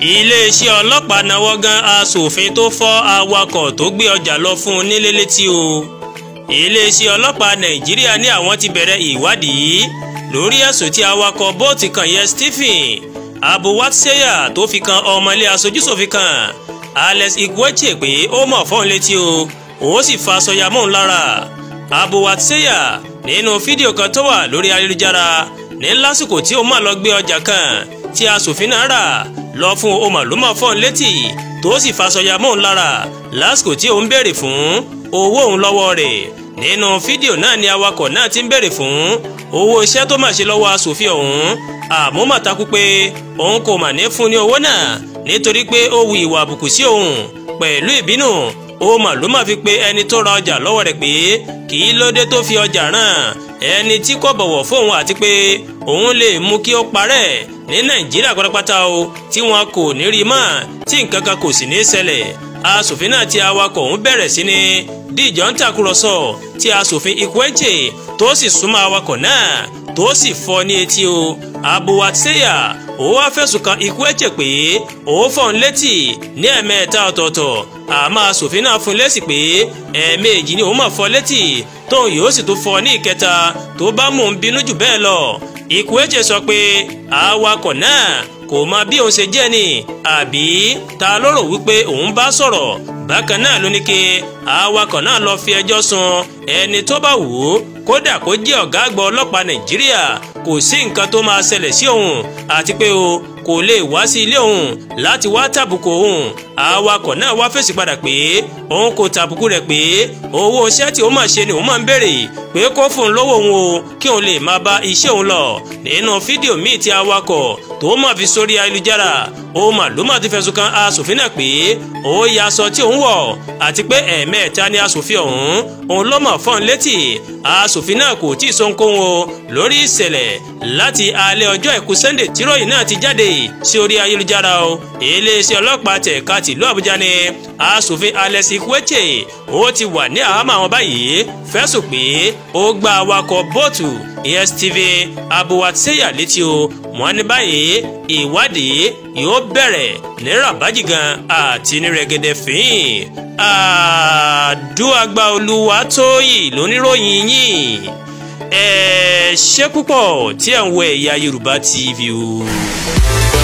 iléeṣẹ́ ọlọ́pàá náwó gan aṣòfin tó fọ́ awakọ̀ tó gbé ọjà lọ fún un nílé létí o iléeṣẹ́ ọlọ́pàá nàìjíríà ní àwọn ti bẹ̀rẹ̀ ìwádìí lórí ẹ̀sùn tí awakọ̀ bóòtù kan yẹ stephen abuwatseya tó fi kan ọmọlé aṣojúṣòfin kan alex ikweche pé ó mọ̀ fọ́n létí o ó sì fa sọyàmọ́n lára abuwatseya nínú fídíò kan tó wà lórí ayélujára ní lásìkò tí ó máa lọ gbé ọjà kan tí aṣòfin náà rà lọ fún o mà ló mọ̀ fọ́n létí tó sì fasọya mọ́ọ̀n lára lásìkò tí òun béèrè fún owó òun lọ́wọ́ rẹ̀ nínú fídíò náà ni awakọ̀ náà ti ń béèrè fún owó iṣẹ́ tó mà ṣe lọ́wọ́ asòfin ọ̀hún àmọ́ mà takú pé òun kò mà ní fún ní owó náà nítorí pé ó wu ìwà àbùkù sí òun pẹ̀lú ìbínú ó ló mà fi pé ẹni tó ra ọjà lọ́wọ́ rẹ̀ pé kì í lóde tó fi ọjà ràn ẹni tí kò bọ̀wọ̀ fóun àti pé òun lè mú kí ó parẹ́ ní nàìjíríà pátápátá o tí wọn kò ní rí mọ́ tí nǹkan kan kò sì ní ṣẹlẹ̀ asòfin náà tí awakọ̀ ọ̀hún bẹ̀rẹ̀ sí ní díjọ́ ń tàkúrọ̀sọ tí asòfin Ikwechè tó sì súnmọ́ awakọ̀ náà tó sì fọ́ ní etí o abuwatseya ó wá fẹ̀sùn kan Ikwechè pé ó fọ́ ń létí ní ẹ̀mẹ́ta ọ̀tọ̀ọ̀tọ̀ àmọ́ asòfin náà fún lésì pé ẹ̀ẹ̀mejì ni òun máa fọ́ létí tóun yóò sì tún fọ́ ní ìkẹta tó bá mú un bínú jù bẹ́ẹ̀ lọ Ikwechè sọ pé awakọ̀ náà kò mọ bí òun ṣe jẹ́ ni àbí ta ló rò wípé òun bá sọ̀rọ̀ bákan náà ló ní kí awakọ̀ náà lọ fi ẹjọ́ sun ẹni tó bá wù ú kódà kó jẹ́ ọ̀gá àgbà ọlọ́pàá Nàìjíríà kò sí nǹkan tó máa ṣẹlẹ̀ sí òun àti pé o kò lè wá sí ilé òun láti wá tàbùkù òun awakọ̀ náà wá fèsì padà pé òun kò tàbùkù rẹ̀ pé owó iṣẹ́ tí òun máa ṣe ni òun máa ń béèrè pé kó fún un lówó òun o kí òun lè máa bá iṣẹ́ òun lọ nínú fídíò míì tí awakọ̀ tó máa fi sórí ayélujára ó màlúmà ti fẹ̀sùn kan asòfin náà pé ó ya aṣọ tí òun wọ̀ àti pé ẹ̀ẹ̀mẹ́ta ni asòfin ọ̀hún òun ló mọ̀ fọ́n létí asòfin náà kò tí ì sọ́nkóhun o lórí ìṣẹ̀lẹ̀ láti alẹ́ ọjọ́ àìkú Sunday tíròyìn náà ti jáde sí orí ayélujára o iléeṣẹ́ ọlọ́pàá tẹ̀ka tìlú Àbújá ni asòfin Alex Ikwechè ó ti wà ní àhámọ́ àwọn báyìí fẹ̀sùn pé ó gba awakọ̀ bóòtù DSTV e abuwat sẹ́yà létí o wọ́n ní báyìí ìwádìí yóò bẹ̀rẹ̀ ní ràbájìgan àti ní rẹ̀gẹ̀dẹ̀ fín àdúràgbà Olúwatóyìn lóníròyìn yìí ẹ ṣé púpọ̀ tí ẹ̀ ń wo Ẹ̀yà Yorùbá TV o.